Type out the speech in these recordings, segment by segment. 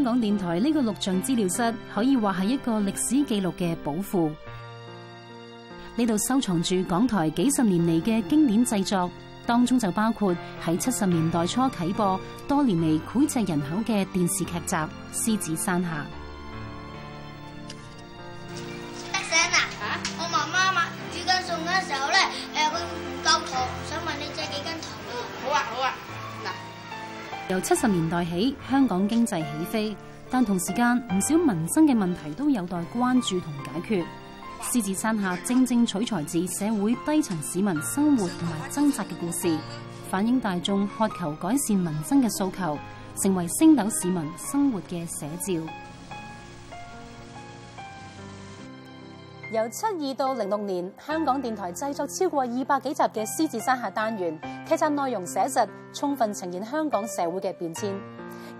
香港電台呢個錄像資料室可以話係一個歷史記錄嘅寶庫，呢度收藏住港台幾十年嚟嘅經典製作，當中就包括喺七十年代初啟播、多年嚟膾炙人口嘅電視劇集《獅子山下》。由七十年代起，香港經濟起飛，但同時間唔少民生嘅問題都有待關注同解決。獅子山下正正取材自社會低層市民生活同埋掙扎嘅故事，反映大眾渴求改善民生嘅訴求，成為升斗市民生活嘅寫照。由七二到零六年，香港電台製作超過二百幾集嘅《獅子山下》單元，劇集內容寫實，充分呈現香港社會嘅變遷。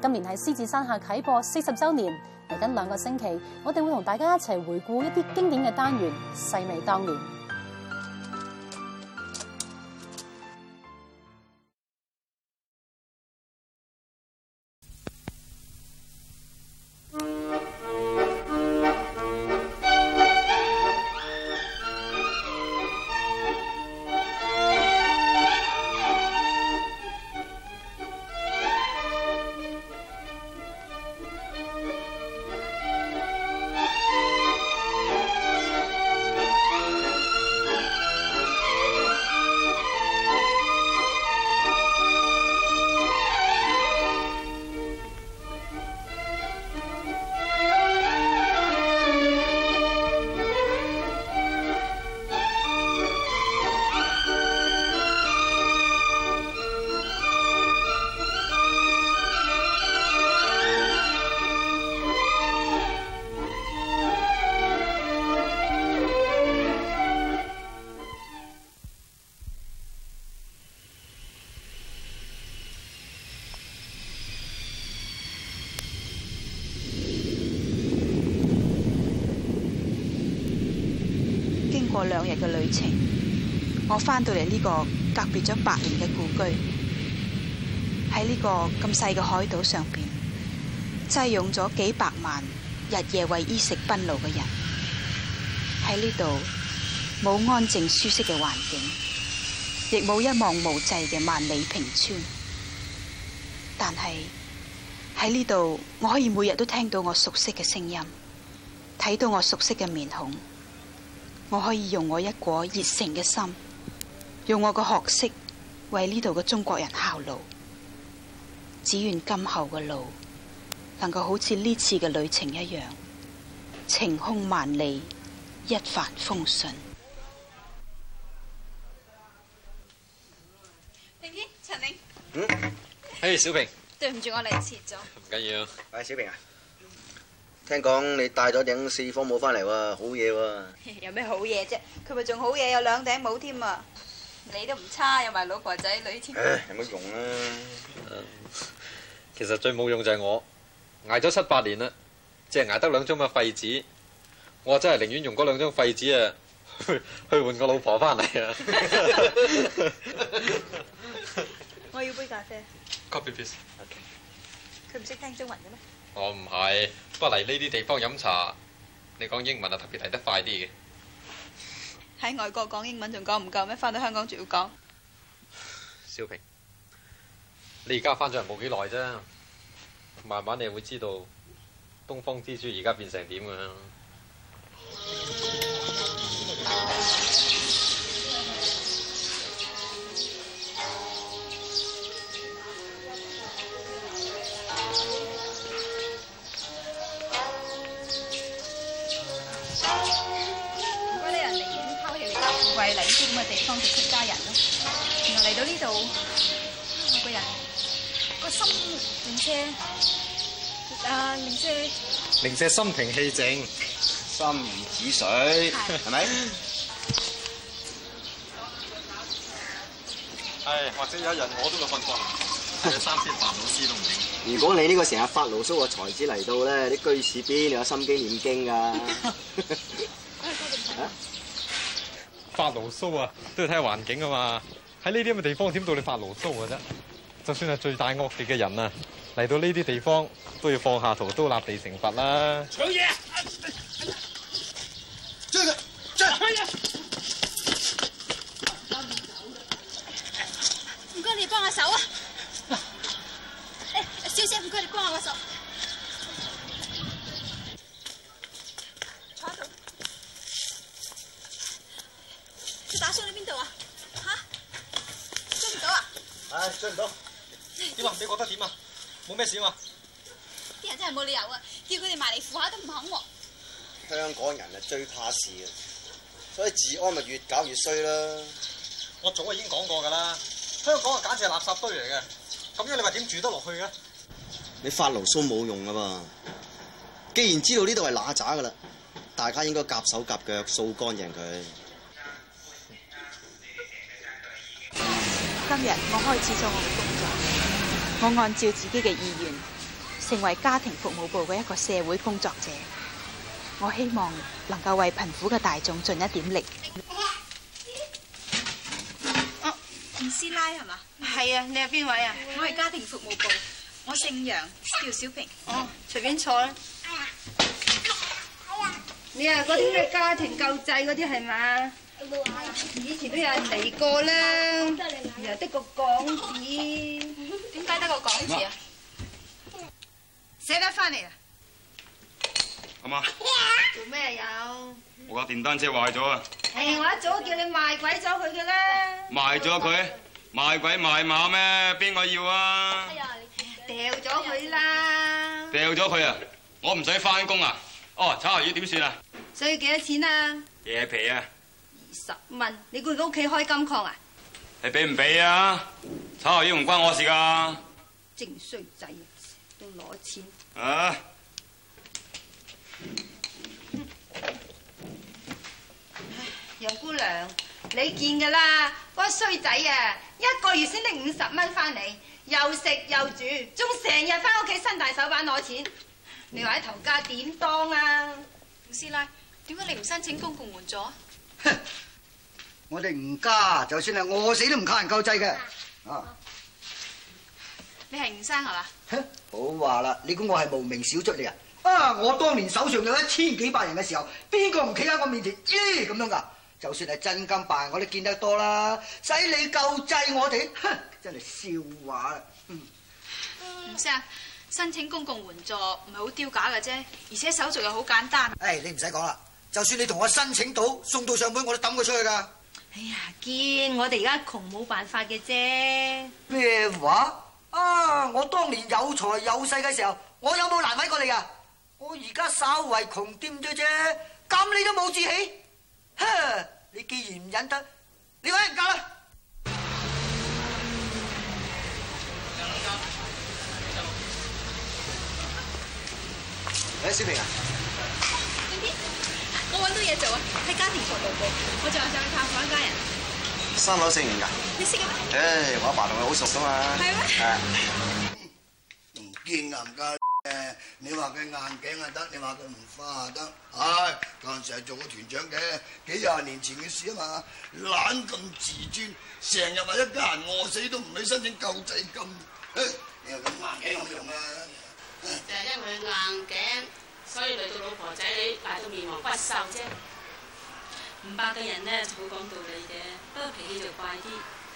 今年係《獅子山下》啟播四十週年，嚟緊兩個星期，我哋會同大家一齊回顧一啲經典嘅單元，細味當年。兩日嘅旅程，我翻到嚟呢個隔別咗八年嘅故居，喺呢個咁細嘅海島上邊，擠擁咗幾百萬日夜為衣食奔勞嘅人，喺呢度冇安靜舒適嘅環境，亦冇一望無際嘅萬里平川。但係喺呢度，我可以每日都聽到我熟悉嘅聲音，睇到我熟悉嘅面孔。我可以用我一顆熱誠嘅心，用我嘅學識，為呢度嘅中國人效勞。只願今後嘅路能夠好似呢次嘅旅程一樣，晴空萬里，一帆風順。玲姐，陳玲，嗯，嘿、hey，小平，對唔住，我嚟遲咗。唔緊要，喂，小平啊。聽講你帶咗頂四方帽翻嚟喎，好嘢喎！啊！有咩好嘢啫？佢咪仲好嘢，有兩頂帽添啊！你都唔差，又埋老婆仔女添。唉，有乜用啊？ 其實最冇用就係我，挨咗七八年啦，只係挨得兩張嘅廢紙。我真係寧願用嗰兩張廢紙啊，去換個老婆翻嚟啊！ 我要杯咖啡。Coffee please. OK。佢唔識聽中文嘅咩？我唔係。不過嚟呢啲地方飲茶，你講英文啊，特別嚟得快啲嘅。喺外國講英文仲講唔夠咩？翻到香港仲要講。小平，你而家翻咗嚟冇幾耐啫，慢慢你會知道東方之珠而家變成點㗎啦。明冥想，心，心平氣靜，心如止水，係咪？係，或者有人我都去瞓覺。你三千煩惱絲都唔掂。如果你呢個成日發牢騷嘅才子嚟到呢，啲居士邊你有心機念經㗎？嚇？發牢騷啊，都要睇下環境啊嘛。喺呢啲咁嘅地方，點到你發牢騷㗎啫？就算係罪大惡極嘅人啊，嚟到呢啲地方都要放下屠刀，立地成佛啦！搶嘢，追佢，追！唔該架，你幫下手啊！誒，小姐，唔該，你幫下手。抓佢，佢打傷咗邊度啊？吓、啊，追唔到啊？誒，追唔到。你覺得點啊？冇咩事啊嘛？啲人真係冇理由啊！叫佢哋埋嚟付下都唔肯喎。香港人啊，最怕事嘅，所以治安咪越搞越衰啦。我早已經講過噶啦，香港啊簡直係垃圾堆嚟嘅，咁樣你話點住得落去啊？你發牢騷冇用噶嘛！既然知道呢度係乸渣噶啦，大家應該夾手夾腳掃乾淨佢。今日我開始做。我按照自己嘅意願，成為家庭服務部嘅一個社會工作者。我希望能夠為貧苦嘅大眾盡一點力。啊、哦，吳師奶係嘛？係啊，你係邊位啊？我係家庭服務部，我姓楊，叫小平。哦，隨便坐啦。你啊，嗰啲咩家庭救濟嗰啲係嘛？以前都有人嚟過啦，又得個講字，點解得個講字啊？捨得翻嚟啊？阿媽做咩啊？有我架電單車壞咗啊！誒、哎，我一早叫你賣鬼咗佢嘅啦！賣咗佢，賣鬼賣馬咩？邊個要啊？掉咗佢啦！掉咗佢啊！我唔使翻工啊！哦，炒魷魚點算啊？需要幾多錢啊？嘢皮啊！十蚊？你估佢屋企開金礦啊？你俾唔俾啊？炒下衣唔關我事噶。正衰仔都攞錢啊！啊，楊姑娘，你見噶啦，個衰仔啊，一個月先拎五十蚊翻嚟，又食又住，仲成日翻屋企伸大手板攞錢。你話喺頭家點當啊？吳師奶，點解你唔申請公共援助？哼！我哋吳家就算係餓死都唔靠人救濟嘅。啊，你係吳生係嘛？哼，好話啦，你估我係無名小卒嚟啊？啊，我當年手上有一千幾百人嘅時候，邊個唔企喺我面前咦咁樣噶？就算係真金白銀我都見得多啦。使你救濟我哋？哼，真係笑話啦。吳生，申請公共援助唔係好丟架嘅啫，而且手續又好簡單。哎，你唔使講啦。就算你同我申請到送到上門，我都抌佢出去噶。哎呀，見，我哋而家窮冇辦法嘅啫。咩話？啊！我當年有財有勢嘅時候，我有冇難為過你噶？我而家稍為窮點咗啫，咁你都冇志氣？哼！你既然唔忍得，你揾人嫁啦。喂，小平啊！揾到嘢做啊！喺家庭服務部，我仲話想去探訪一家人。三樓四門㗎。你識㗎？誒，我阿爸同佢好熟㗎嘛。係咩？係。唔堅硬㗎，你話佢硬頸啊得，你話佢唔化啊得。唉，嗰陣時係做個團長嘅，幾廿年前嘅事啊嘛。懶咁自尊，成日話一家人餓死都唔去申請救濟金。你話佢硬頸有咩用啊？就係因為佢硬頸。所以嚟到老婆仔，你捱到面黃骨瘦啫。五百嘅人咧就好講道理嘅，不過脾氣就怪啲。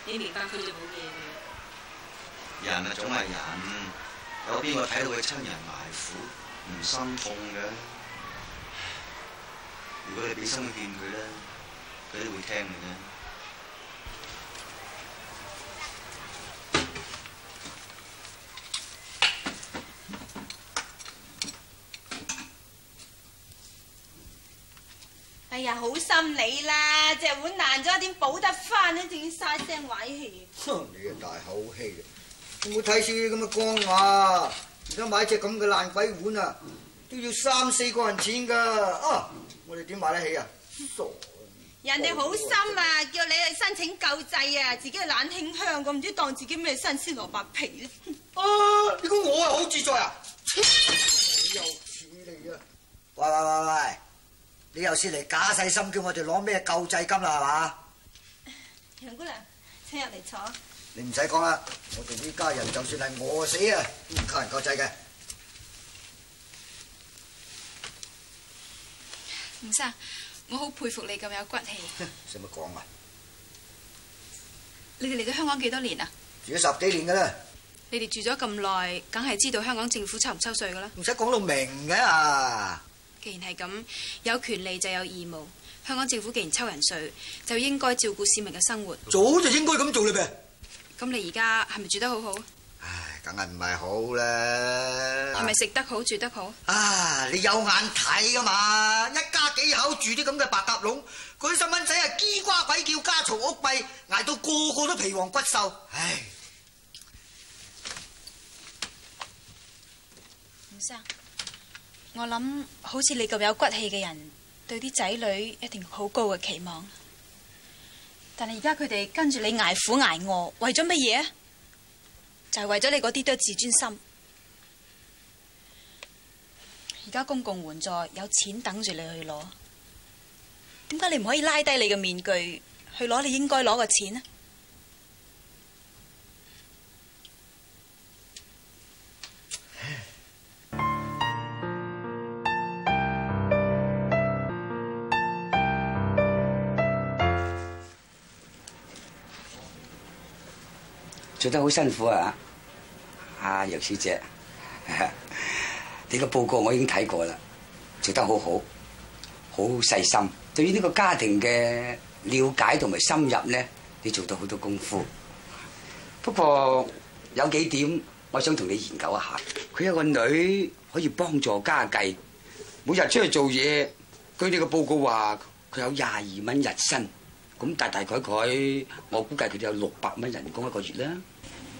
你明白佢就冇嘢嘅。人啊，總係人，有邊個睇到佢親人埋苦唔心痛嘅？如果你俾心去勸佢咧，佢都會聽你嘅。哎呀，好心你啦，隻碗爛咗點補得翻咧？仲要嘥聲毀氣。哼，你啊大口氣會會看啊！我睇少咁嘅光話，而家買隻咁嘅爛鬼碗啊，都要三四個人錢噶，啊，我哋點買得起啊？傻，人哋好心啊，叫你去申請救濟啊，自己懶輕香，我唔知當自己咩新鮮蘿蔔皮啊，你估我又、啊、好自在啊？你又似你啊？喂喂喂喂！拜拜你又先嚟假細心，叫我哋攞咩救濟金啦？係嘛？楊姑娘，請入嚟坐。你唔使講啦，我哋呢家人就算係餓死啊，都唔靠人救濟嘅。吳生，我好佩服你咁有骨氣。使乜講啊？你哋嚟咗香港幾多年啊？住咗十幾年噶啦。你哋住咗咁耐，梗係知道香港政府抽唔抽稅噶啦？唔使講到明嘅啊！既然係咁，有權利就有義務。香港政府既然抽人稅，就應該照顧市民嘅生活。早就應該咁做啦咩？咁你而家係咪住得好好？唉，梗係唔係好啦。係咪食得好住得好？啊，你有眼睇噶嘛？一家幾口住啲咁嘅白鴿籠，佢啲細蚊仔啊，嘰呱鬼叫，家嘈屋閉，捱到個個都皮黃骨瘦。唉，唔生。我諗，好似你咁有骨氣嘅人，對啲仔女一定好高嘅期望。但係而家佢哋跟住你挨苦挨餓，為咗乜嘢？就係為咗你嗰啲多自尊心。而家公共援助有錢等住你去攞，點解你唔可以拉低你嘅面具去攞你應該攞嘅錢呢？做得好辛苦啊！啊，楊小姐，你個報告我已經睇過啦，做得好好，好細心。對於呢個家庭嘅了解同埋深入咧，你做到好多功夫。不過有幾點我想同你研究一下。佢有個女可以幫助家計，每日出去做嘢。據你個報告話，佢有廿二蚊日薪。咁大大概概，我估計佢哋有六百蚊人工一個月啦。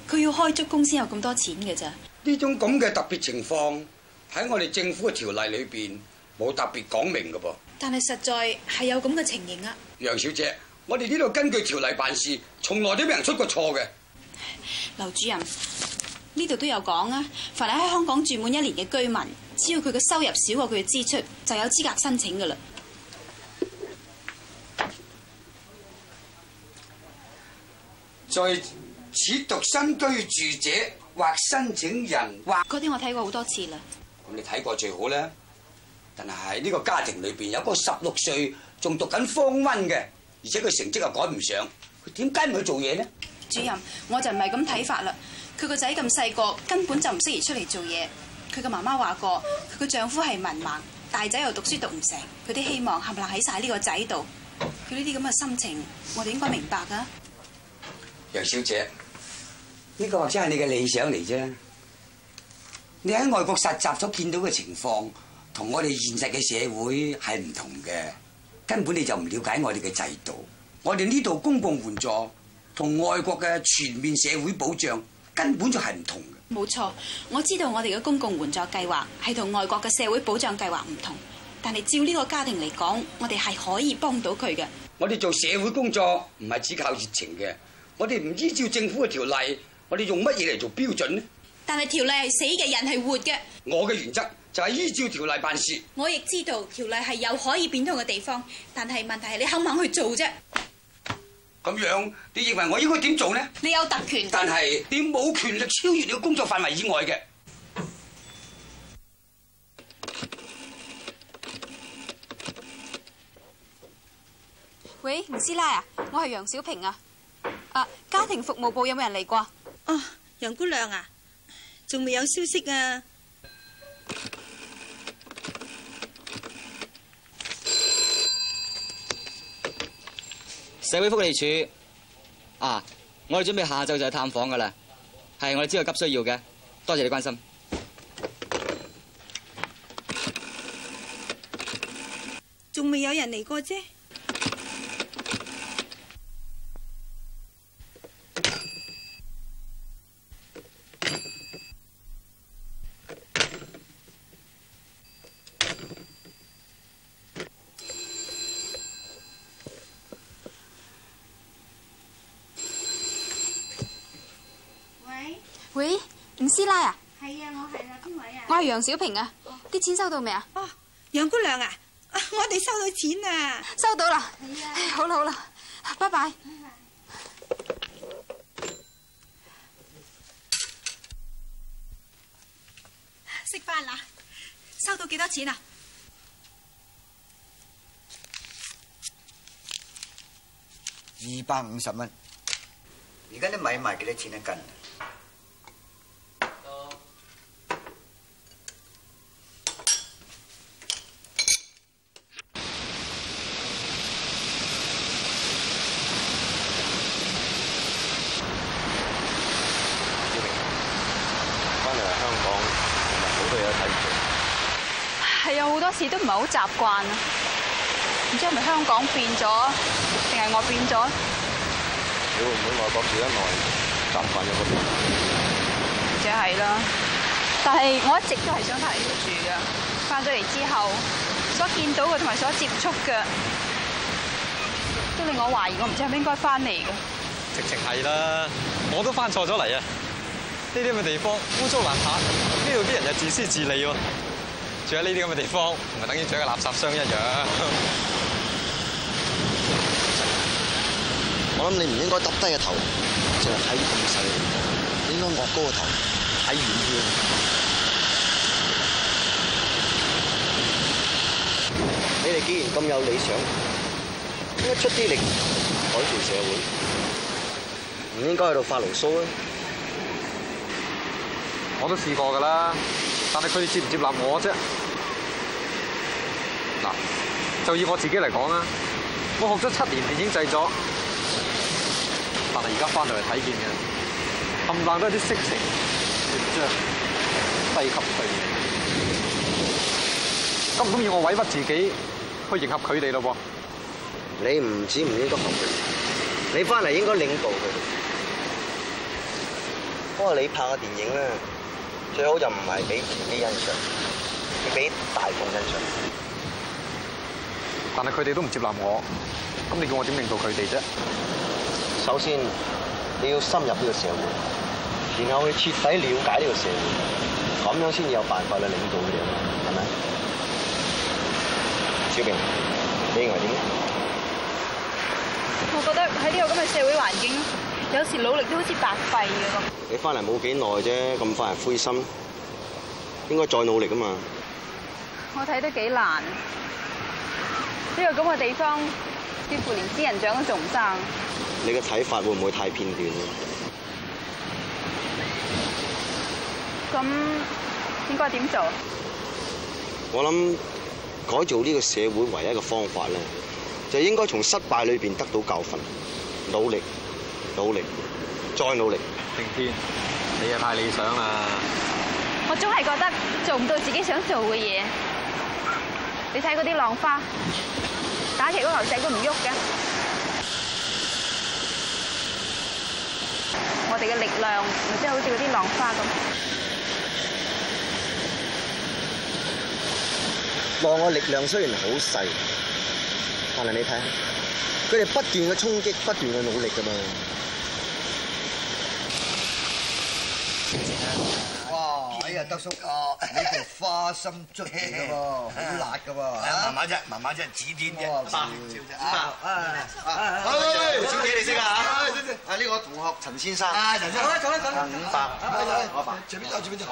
佢要開足工先有咁多錢嘅咋。呢種咁嘅特別情況喺我哋政府嘅條例裏邊冇特別講明嘅噃。但係實在係有咁嘅情形啊！楊小姐，我哋呢度根據條例辦事，從來都冇人出過錯嘅。劉主任，呢度都有講啊，凡係喺香港住滿一年嘅居民，只要佢嘅收入少過佢嘅支出，就有資格申請噶啦。在此獨身居住者或申請人或嗰啲，我睇過好多次啦。咁你睇過最好啦。但係喺呢個家庭裏邊，有個十六歲仲讀緊方温嘅，而且佢成績又趕唔上，佢點解唔去做嘢呢？主任，我就唔係咁睇法啦。佢個仔咁細個，根本就唔適宜出嚟做嘢。佢嘅媽媽話過，佢個丈夫係文盲，大仔又讀書讀唔成，佢啲希望冚唪唥喺晒呢個仔度。佢呢啲咁嘅心情，我哋應該明白㗎。楊小姐，呢個或者係你嘅理想嚟啫。你喺外國實習所見到嘅情況，同我哋現實嘅社會係唔同嘅。根本你就唔了解我哋嘅制度。我哋呢度公共援助同外國嘅全面社會保障根本就係唔同嘅。冇錯，我知道我哋嘅公共援助計劃係同外國嘅社會保障計劃唔同。但係照呢個家庭嚟講，我哋係可以幫到佢嘅。我哋做社會工作唔係只靠熱情嘅。我哋唔依照政府嘅條例，我哋用乜嘢嚟做標準呢？但係條例係死嘅，人係活嘅。我嘅原則就係依照條例辦事。我亦知道條例係有可以變通嘅地方，但係問題係你肯唔肯去做啫。咁樣，你認為我應該點做呢？你有特權，但係你冇權力超越你嘅工作範圍以外嘅。喂，吳師奶啊，我係楊小平啊。啊，家庭服務部有冇人嚟過？哦，楊姑娘啊，仲未有消息啊。社會福利處啊，我哋準備下晝就去探訪噶啦。係，我哋知道急需要嘅，多謝你關心。仲未有人嚟過啫。楊小平啊，啲錢收到未啊？楊姑娘啊，我哋收到錢啦，收到啦，好啦好啦，拜拜。食飯啦，收到幾多錢啊？二百五十蚊，而家啲米賣幾多錢一斤？好習慣啊！唔知係咪香港變咗，定係我變咗？你會唔會外國住得耐，習慣咗嗰邊？即係啦，但係我一直都係想翻嚟呢度住噶。翻咗嚟之後，所見到嘅同埋所接觸嘅，都令我懷疑我唔知係咪應該翻嚟嘅。直情係啦，我都翻錯咗嚟啊！呢啲咁嘅地方污糟邋遢，呢度啲人又自私自利喎。住喺呢啲咁嘅地方，唔係等於住喺垃圾箱一樣。我諗你唔應該耷低個頭，就睇咁細，應該擱高個頭，睇遠啲。你哋既然咁有理想，一出啲力改善社會，唔應該喺度發牢騷啊？我都試過㗎啦。但係佢接唔接納我啫？嗱，就以我自己嚟講啦。我學咗七年電影製作，製但係而家翻嚟睇見嘅冚唪唥都係啲色情、血漿低級趣味。咁都要我委屈自己去迎合佢哋咯？噃你唔止唔應該同情，你翻嚟應該領導佢哋。不過你拍嘅電影咧。最好就唔係俾自己欣賞，要俾大眾欣賞。但係佢哋都唔接納我，咁你叫我點令到佢哋啫？首先你要深入呢個社會，然後去徹底了解呢個社會，咁樣先至有辦法去領導佢哋。係咪？小明，你認為點？我覺得喺呢個咁嘅社會環境。有時努力都好似白費嘅。你翻嚟冇幾耐啫，咁快就灰心，應該再努力啊嘛。我睇得幾難，呢個咁嘅地方，幾乎連仙人掌都做唔生。你嘅睇法會唔會太片段咧？咁應該點做？我諗改造呢個社會唯一嘅方法咧，就應該從失敗裏邊得到教訓，努力。努力，再努力。明天，你又太理想啦。我總係覺得做唔到自己想做嘅嘢。你睇嗰啲浪花，打住個頭石都唔喐嘅。我哋嘅力量咪真係好似嗰啲浪花咁。浪嘅力量雖然好細，但係你睇，佢哋不斷嘅衝擊，不斷嘅努力噶嘛。又德叔哦，呢條花心粥嘅喎，好辣嘅喎。慢慢啫，慢慢啫，指點啫。阿阿阿，小姐你識啊？啊呢個同學陳先生。啊，陳生，走啦走啦。阿伯，阿伯，住邊度住邊度？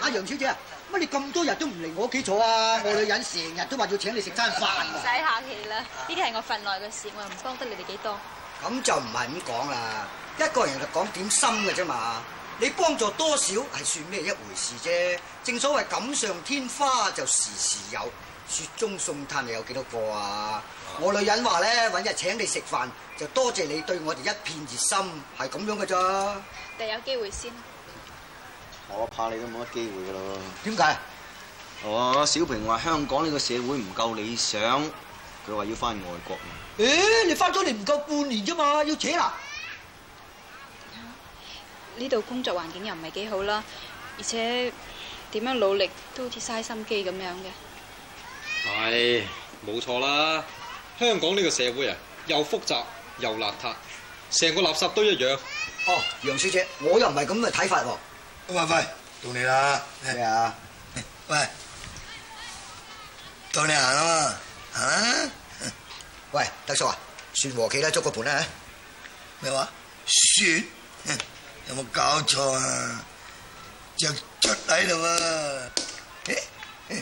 阿楊小姐啊，乜你咁多日都唔嚟我屋企坐啊？我女人成日都話要請你食餐飯。唔使客氣啦，呢啲係我份內嘅事，我又唔幫得你哋幾多。咁就唔係咁講啦，一個人就講點心嘅啫嘛。你幫助多少係算咩一回事啫？正所謂錦上添花就時時有，雪中送炭又有幾多個啊？的我女人話咧，搵日請你食飯，就多謝你對我哋一片熱心，係咁樣嘅咋。第有機會先，我怕你都冇乜機會嘅咯。點解？我小平話香港呢個社會唔夠理想，佢話要翻外國。誒，你翻咗嚟唔夠半年啫嘛，要扯啦。呢度工作環境又唔係幾好啦，而且點樣努力都好似嘥心機咁樣嘅。係冇錯啦，香港呢個社會啊，又複雜又邋遢，成個垃圾堆一樣。哦，楊小姐，我又唔係咁嘅睇法喎。喂喂，到你啦。咩啊？喂，到你行啊嘛。嚇？喂，德叔啊，算和棋啦，捉個盤啦嚇。咩話？算。有冇搞錯啊？隻卒喺度啊！哎，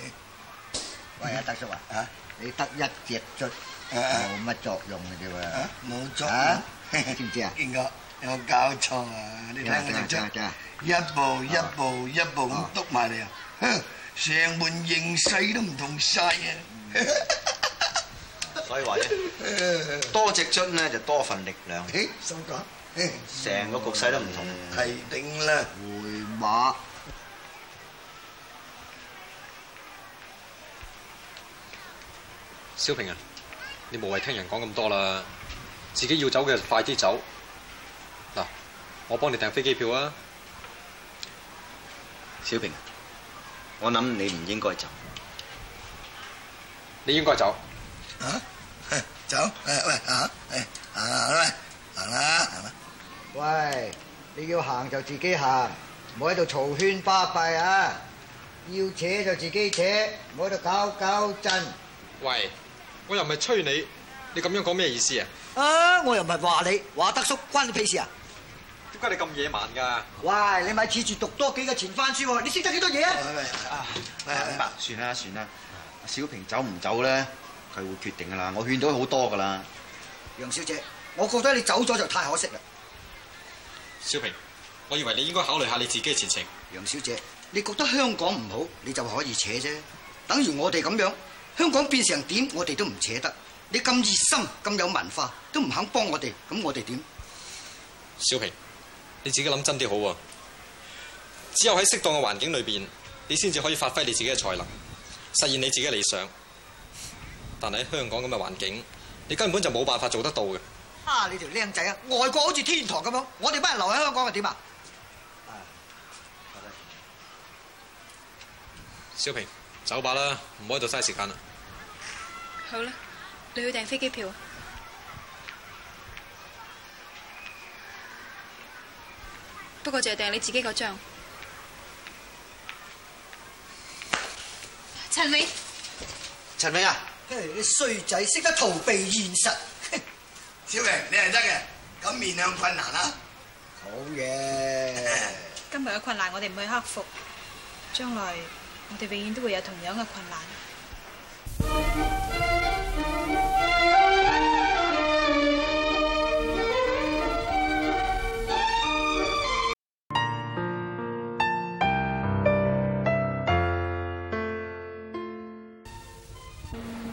喂阿德叔啊，你得一隻卒冇乜作用嘅啫喎，冇作用，知唔知啊？應該有冇搞錯啊？你睇，一步一步一步咁篤埋你啊！哼，成盤形勢都唔同曬啊！所以話咧，多隻卒咧就多份力量。哎，收工。成個局勢都唔同，係頂啦！回馬，小平啊，你無謂聽人講咁多啦，自己要走嘅快啲走。嗱，我幫你訂飛機票啊，小平。我諗你唔應該走，你應該走。走？走？誒喂啊？誒啊喂，行啦，行啦。喂，你要行就自己行，唔好喺度嘈喧巴閉啊！要扯就自己扯，唔好喺度搞搞震。喂，我又唔係催你，你咁樣講咩意思啊？啊，我又唔係話你，話德叔關你屁事啊？點解你咁野蠻噶？喂，你咪黐住讀多幾個錢番書喎，你識得幾多嘢啊？喂喂，啊，咁啊，算啦算啦，小平走唔走咧，佢會決定噶啦，我勸咗佢好多噶啦。楊小姐，我覺得你走咗就太可惜啦。小平，我以為你應該考慮下你自己嘅前程。楊小姐，你覺得香港唔好，你就可以扯啫。等如我哋咁樣，香港變成點，我哋都唔扯得。你咁熱心、咁有文化，都唔肯幫我哋，咁我哋點？小平，你自己諗真啲好啊！只有喺適當嘅環境裏邊，你先至可以發揮你自己嘅才能，實現你自己嘅理想。但係喺香港咁嘅環境，你根本就冇辦法做得到嘅。哈、啊！你條靚仔啊，外國好似天堂咁樣，我哋乜人留喺香港又點啊？拜拜小平，走吧啦，唔好喺度嘥時間啦。好啦，你要訂飛機票。不過就係訂你自己嗰張。陳偉，陳偉啊！嘿，啲衰仔識得逃避現實。小明，你係得嘅，咁面向困難啦。好嘅 的。 今日嘅困難，我哋唔去克服，將來我哋永遠都會有同樣嘅困難。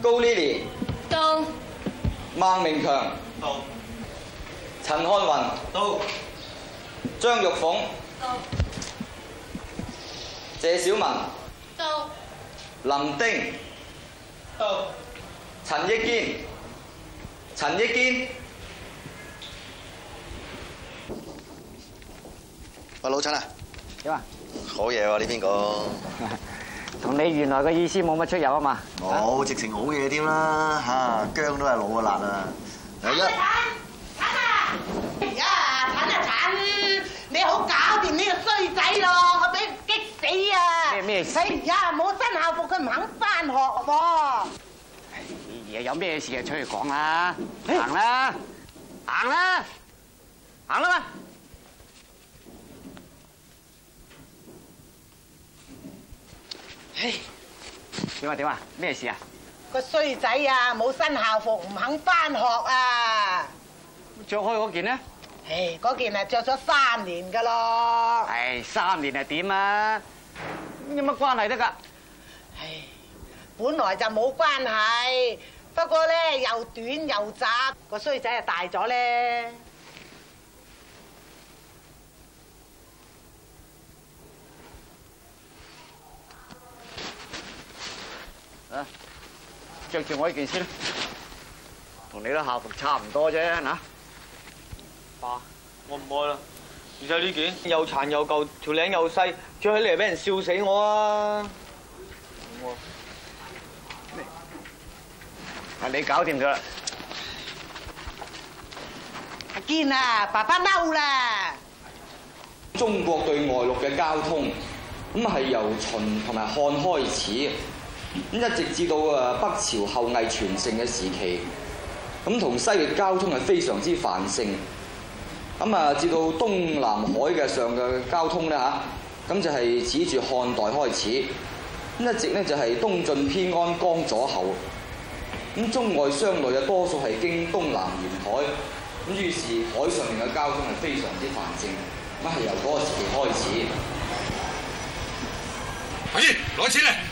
高 Lily。到。孟明強。陳漢雲。到。張玉鳳。到。謝小文。到。林丁。到。陳益堅。陳益堅，阿老陳啊，點啊？好嘢喎。呢邊講，同你原來個意思冇乜出入啊嘛。冇、哦，直情好嘢添啦！吓，薑都係老過辣啊！鏟啊！鏟啊！而家啊，鏟啊鏟！你好搞掂呢個衰仔咯，我俾激死啊！咩咩事？哎呀，冇新校服，佢唔肯翻學喎。啲嘢有咩事就出去講啦，行啦，行啦，行啦嘛！嘿，點話點話，咩事啊？個衰仔啊，冇新校服唔肯翻學啊！着開嗰件咧？唉，嗰件係着咗三年噶咯。唉，三年係點啊？有乜關係得噶？唉，本來就冇關係。不過咧又短又窄，個衰仔啊大咗咧。啊！着住我呢件先啦，同你啲校服差唔多啫，嗱。爸，我唔愛啦，而家呢件又殘又舊，條領又細，着起嚟俾人笑死我啊！你搞掂佢啦，阿堅啊，爸爸嬲啦！中國對外陸嘅交通咁係由秦同埋漢開始。咁一直至到啊北朝後魏全盛嘅時期，咁同西域交通係非常之繁盛。咁啊，至到東南海嘅上嘅交通咧嚇，咁就係、是、指住漢代開始，咁一直呢就係東晉偏安江左後，咁中外商旅嘅多數係經東南沿海，咁於是海上面嘅交通係非常之繁盛，咁係由嗰個時期開始。阿攞錢嚟！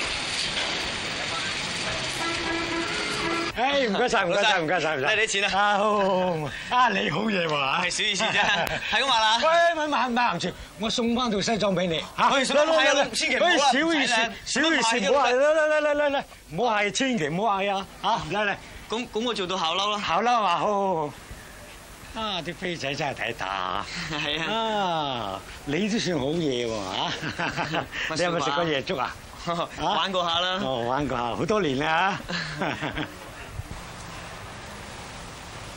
誒，唔該晒，唔該晒，唔該晒，唔該晒，得啲錢啦，啊，啊，你好嘢喎，係小意思啫，係咁話啦，喂，唔唔好行住，我送翻套西裝俾你，你，吓，係啊，千祈唔好啦，小意思，小意思，好，嚟嚟嚟嚟嚟嚟，唔好嗌，千祈唔好嗌啊，吓，嚟嚟，咁咁我做到考嬲啦，考嬲啊，好，啊，啲飛仔真係抵打，係啊，啊，你都算好嘢喎，吓，你有冇食過夜粥過過啊？玩過下啦，哦，玩過下，好多年啦。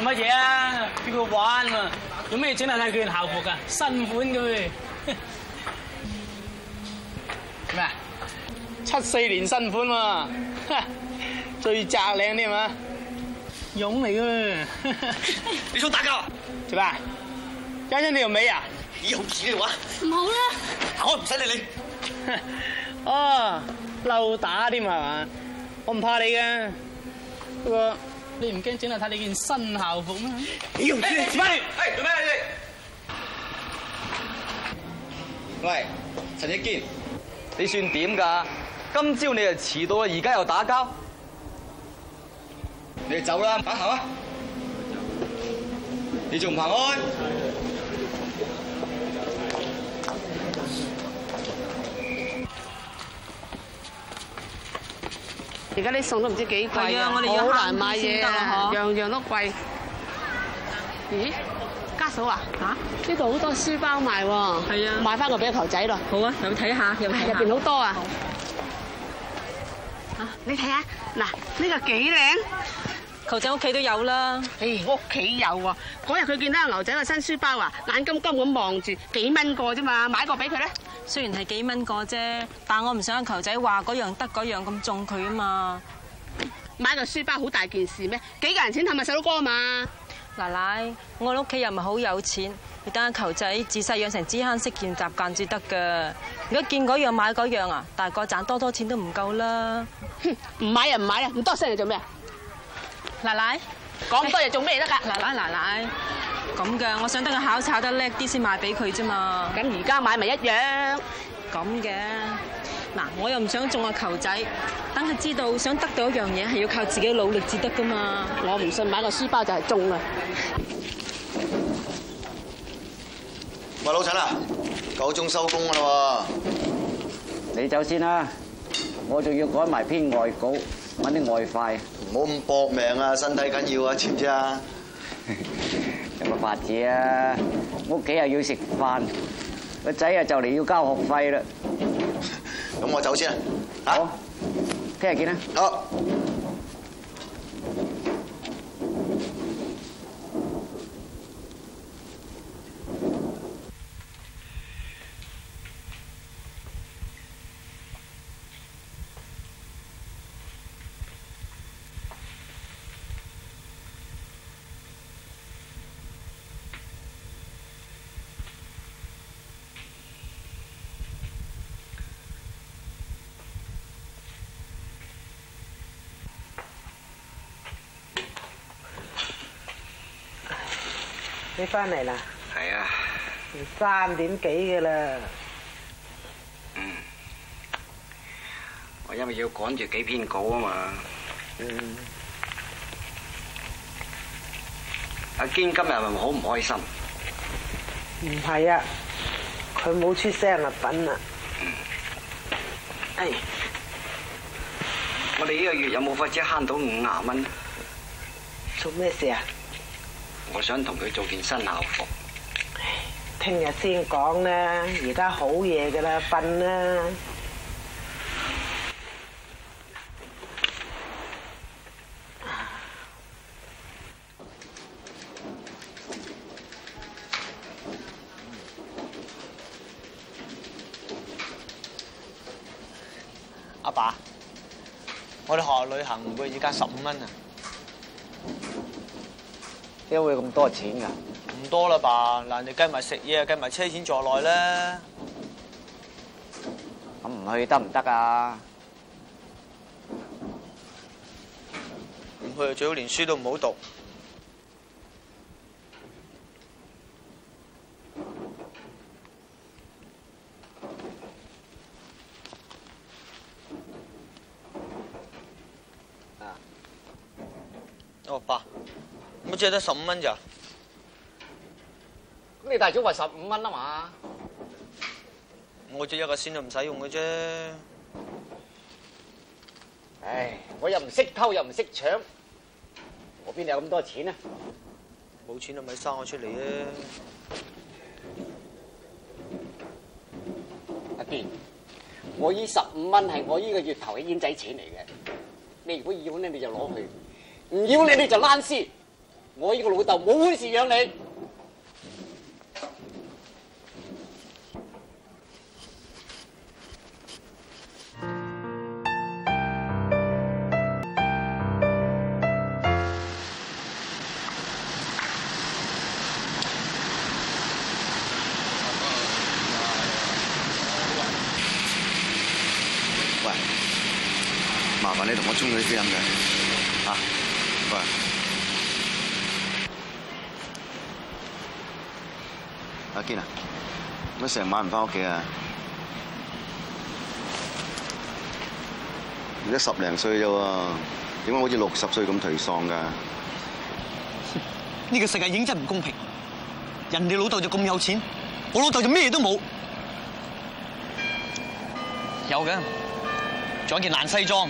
做乜嘢啊？他叫佢玩啊？做咩整嚟睇佢校服噶？新款嘅咩？七四年新款喎，最窄靚啲嘛？勇嚟來嘅，欣欣你想打交，係咪？家姐你又咩啊？你好屎嘅話，唔好啦，好唔使理你，哦！漏打添係嘛？我唔怕你嘅，不過。你唔驚整下睇你件新校服咩？喂，你喂，陳一堅，你算點噶？今朝你就遲到，而家又打交。你哋走啦，打下啦。你仲唔行開？而家啲餸都唔知幾貴，我哋好難買嘢啊，樣樣都貴。咦？家嫂啊，吓？呢度好多書包賣喎，係啊，買翻個俾阿頭仔咯。好啊，入去睇下，入去睇下。入邊好多啊！啊，你睇下，嗱，呢個幾靚？頭仔屋企都有啦。誒，屋企有啊。嗰日佢見到阿牛仔個新書包啊，眼金金咁望住，幾蚊個啫嘛，買一個俾佢咧。雖然係幾蚊個啫，但我唔想阿球仔話嗰樣得嗰樣咁中佢啊嘛。買個書包好大件事咩？幾嚿人錢氹埋細佬哥嘛？奶奶，我屋企又唔係好有錢，你等阿球仔自細養成知慳識儉習慣至得噶。如果見嗰樣買嗰樣啊，大個賺多多錢都唔夠啦。哼，唔買啊！唔買啊！咁多心嚟做咩？奶奶。講咁多嘢做咩得噶？奶奶，奶奶，咁噶，我想等佢考察得叻啲先賣俾佢啫嘛。咁而家買咪一樣。咁嘅。嗱，我又唔想中個球仔，等佢知道想得到一樣嘢係要靠自己努力至得噶嘛。我唔信買個書包就係中啦。喂，老陳啊，九鐘收工啦，你走先啦，我仲要改埋篇外稿，搵啲外快。唔好咁搏命啊！身體緊要啊，知唔知啊？有冇法子啊？屋企又要食飯，個仔又就嚟要交學費啦。咁我走先啦。好，聽日見啦。好。你翻嚟啦？係啊，三點幾嘅啦。嗯，我因為要趕住幾篇稿啊嘛。嗯。阿堅今日係咪好唔開心？唔係啊，佢冇出聲啦，笨啊！嗯。哎，我哋呢個月有冇或者慳到五廿蚊？做咩事啊？我想同佢做件新校服。聽日先講啦，而家好夜㗎啦，瞓啦。阿爸，我哋學校旅行嘅而家加十五蚊啊！點會咁多錢㗎？唔多啦吧，嗱，你計埋食嘢，計埋車錢在內咧。咁唔去得唔得啊？唔去最好連書都唔好讀。借得十五蚊咋？你大早話十五蚊啊嘛？我就一個先就唔使用嘅啫。唉，我又唔識偷又唔識搶，我邊有咁多錢啊？冇錢咪生我出嚟啊！阿健，我呢十五蚊係我呢個月頭嘅煙仔錢嚟嘅。你如果要呢，你就攞去；唔、嗯、要你，你就攋屎。我呢個老豆冇本事養你。成晚唔翻屋企啊！而家十零歲咋？點解好似六十歲咁頹喪噶？呢個世界認真唔公平！人哋老豆就咁有錢，我老豆就咩都冇。有嘅，仲有件爛西裝。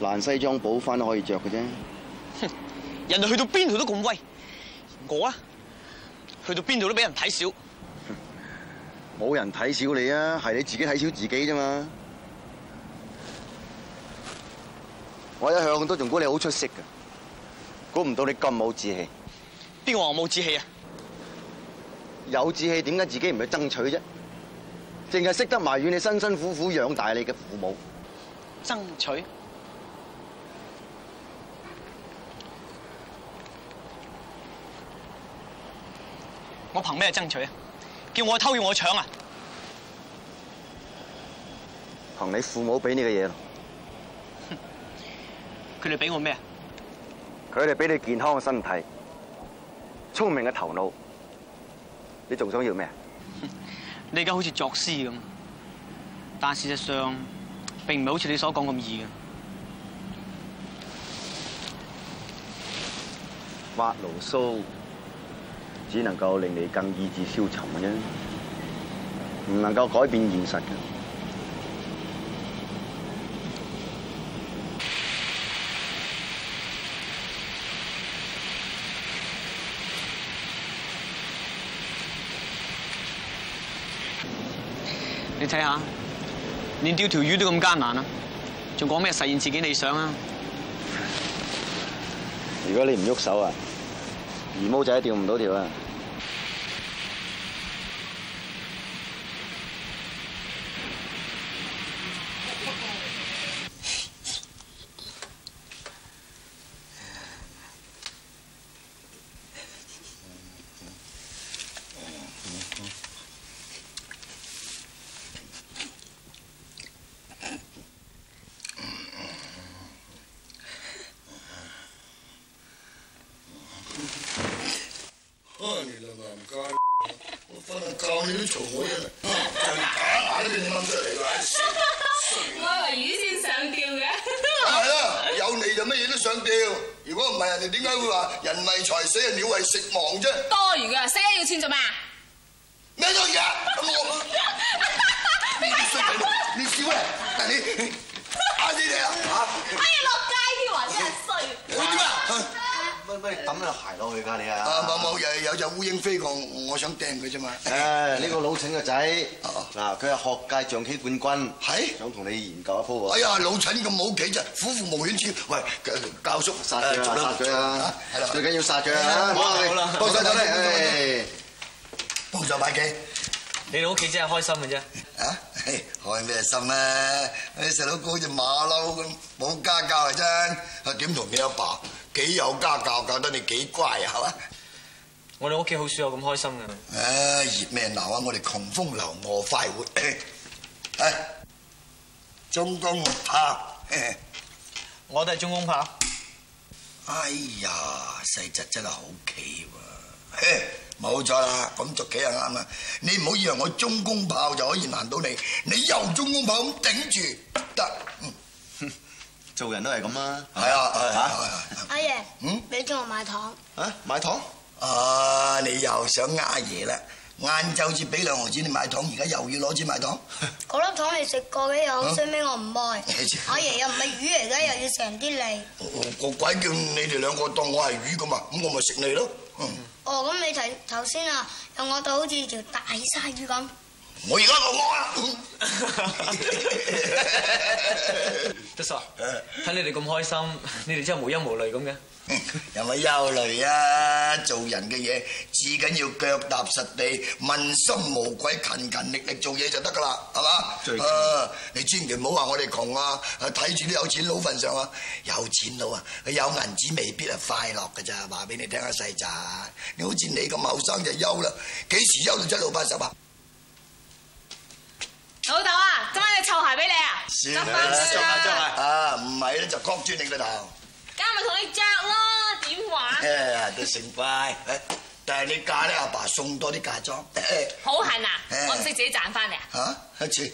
爛西裝補翻都可以着嘅啫。哼！人哋去到邊度都咁威，我啊？去到邊度都俾人睇小，冇人睇小你啊，係你自己睇小自己啫嘛。我一向都仲估你好出色噶，估唔到你咁冇志氣。邊個話我冇志氣啊？有志氣點解自己唔去爭取啫？淨係識得埋怨你辛辛苦苦養大你嘅父母。爭取。我憑咩爭取啊？叫我偷要我搶啊？憑你父母俾你嘅嘢咯。佢哋俾我咩？佢哋俾你健康嘅身體、聰明嘅頭腦，你仲想要咩？你而家好似作詩咁，但事實上並唔係好似你所講咁易嘅。挖螺蘇。只能夠令你更意志消沉嘅啫，唔能夠改變現實嘅。你睇下，連釣條魚都咁艱難啊，仲講咩實現自己理想啊？如果你唔喐手啊，魚毛仔釣唔到條啊！象棋冠軍係想同你研究一鋪啊！哎呀，老陳咁冇計啫，虎父無犬子。喂，教叔，殺錶啦，殺錶啦！最緊要殺錶啦！好啦，幫手啦，幫手擺棋。你哋屋企真係開心嘅啫。啊，開咩心啊？你細佬哥好似馬騮咁冇家教啊，真係點同你阿爸幾有家教，教得你幾乖啊，係嘛？我哋屋企好少有咁開心嘅。唉，熱咩鬧啊！我哋窮風流，餓快活。係、哎，中公炮，嘿嘿，我都係中公炮。哎呀，細侄真係好奇喎，冇錯啦，咁捉棋又啱啦。你唔好以為我中公炮就可以難到你，你又中公炮咁頂住得。做人都係咁啊。係啊，阿爺爺，嗯，俾住我買糖。啊，買糖？啊，你又想呃爺啦？晏晝至俾兩毫子你買糖，而家又要攞錢買糖。嗰粒糖你食過嘅，又好食咩？我唔愛。阿爺又唔係魚嚟嘅，又要成啲嚟。個鬼叫你哋兩個當我係魚噶嘛？咁我咪食你咯。哦，咁你睇頭先啊，我就好似條大鯊魚咁。我而家唔愛啦。德叔，睇你哋咁開心，你哋真係無憂無慮咁嘅。有咪憂慮啊！做人嘅嘢，至緊要腳踏實地，問心無愧，勤勤力力做嘢就得噶啦，係嘛？啊，你千祈唔好話我哋窮啊，睇住啲有錢佬份上啊，有錢佬啊，佢有銀紙未必係快樂噶咋，話俾你聽啊細侄，你好似你咁後生就休啦，幾時休到七老八十啊！老豆啊，今晚嘅臭鞋俾你啊，得翻啦，裝下裝下啊，唔係咧就割斷你個頭。啱咪同你着咯，點玩？都成乖，但係你嫁咧阿爸，爸多送多啲嫁妝。 好痕啊！ 我識自己賺翻嚟。吓，一次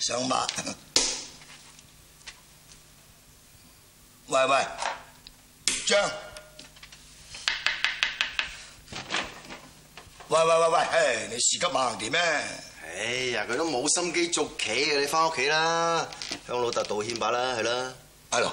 上馬。喂喂，張，喂喂喂喂，你事急馬行點咩？哎呀，佢都冇心機捉棋，你翻屋企啦，向老竇道歉罷啦，係啦。阿龍。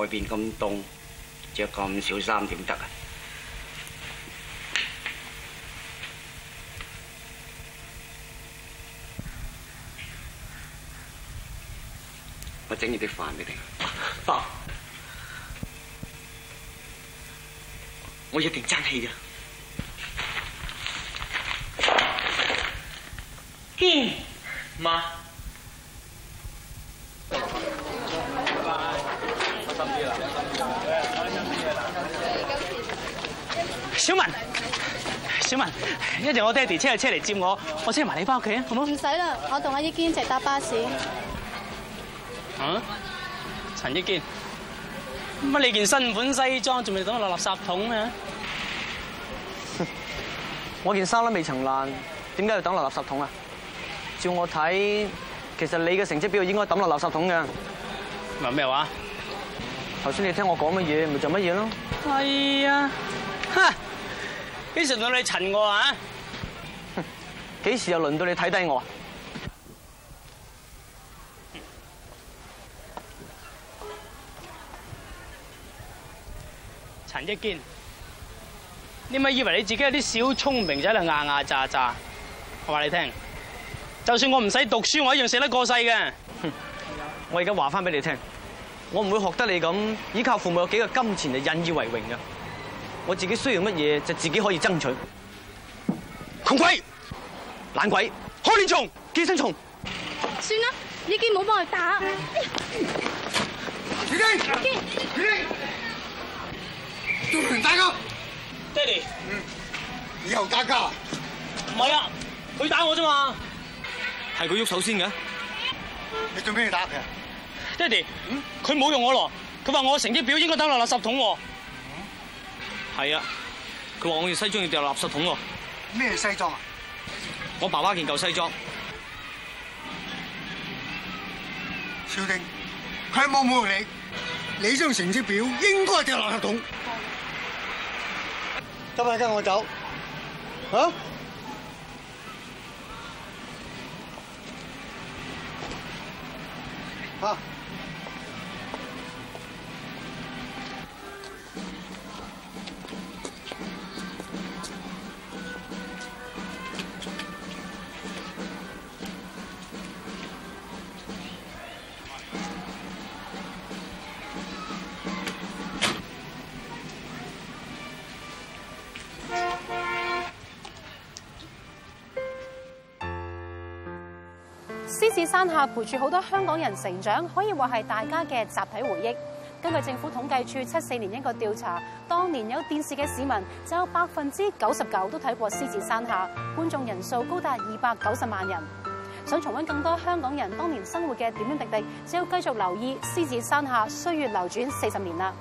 外邊咁凍，著咁少衫點得啊！我整啲飯俾你，得。我一定爭氣㗎！爹媽。一陣我爹哋車去車嚟接我，我，我車埋你翻屋企啊，好唔好？唔使啦，我同阿益堅直搭巴士陳堅。啊？陳益堅，乜你件新款西裝仲未抌落垃圾桶咩？ 我件衫都未曾爛，點解要抌落垃圾桶啊？照我睇，其實你嘅成績表應該抌落垃圾桶嘅麼。話咩話？頭先你聽我講乜嘢，咪、就是、做乜嘢咯？係啊，哈幾時輪到你陳我啊？幾時又輪到你睇低我？陳一堅，你咪以為你自己有啲小聰明仔就牙牙咋咋？我話你聽，就算我唔使讀書，我一樣寫得過世嘅。我而家話翻俾你聽，我唔會學得你咁依靠父母有幾個金錢嚟引以為榮嘅。我自己需要乜嘢就自己可以爭取。窮鬼、懶鬼、可憐蟲、寄生蟲。算啦，你既冇幫佢打爸爸。小丁，小丁，做拳打佢。爹哋，嗯，以後加加。唔係啊，佢打我咋嘛，係佢喐手先嘅。你做咩要打佢啊？爹哋，嗯，佢冇用我咯。佢話我成績表應該打落垃圾桶。係啊，佢話我件西裝要掉垃圾桶喎。咩西裝啊？我爸爸件舊西裝。小丁，佢冇侮辱你，你張成績表應該掉垃圾桶。今日跟我走，吓？啊獅子山下陪住好多香港人成長，可以話係大家嘅集體回憶。根據政府統計處七四年一個調查，當年有電視嘅市民就有百分之九十九都睇過《獅子山下》，觀眾人數高達二百九十萬人。想重温更多香港人當年生活嘅點點滴滴，就要繼續留意《獅子山下》，歲月流轉四十年啦。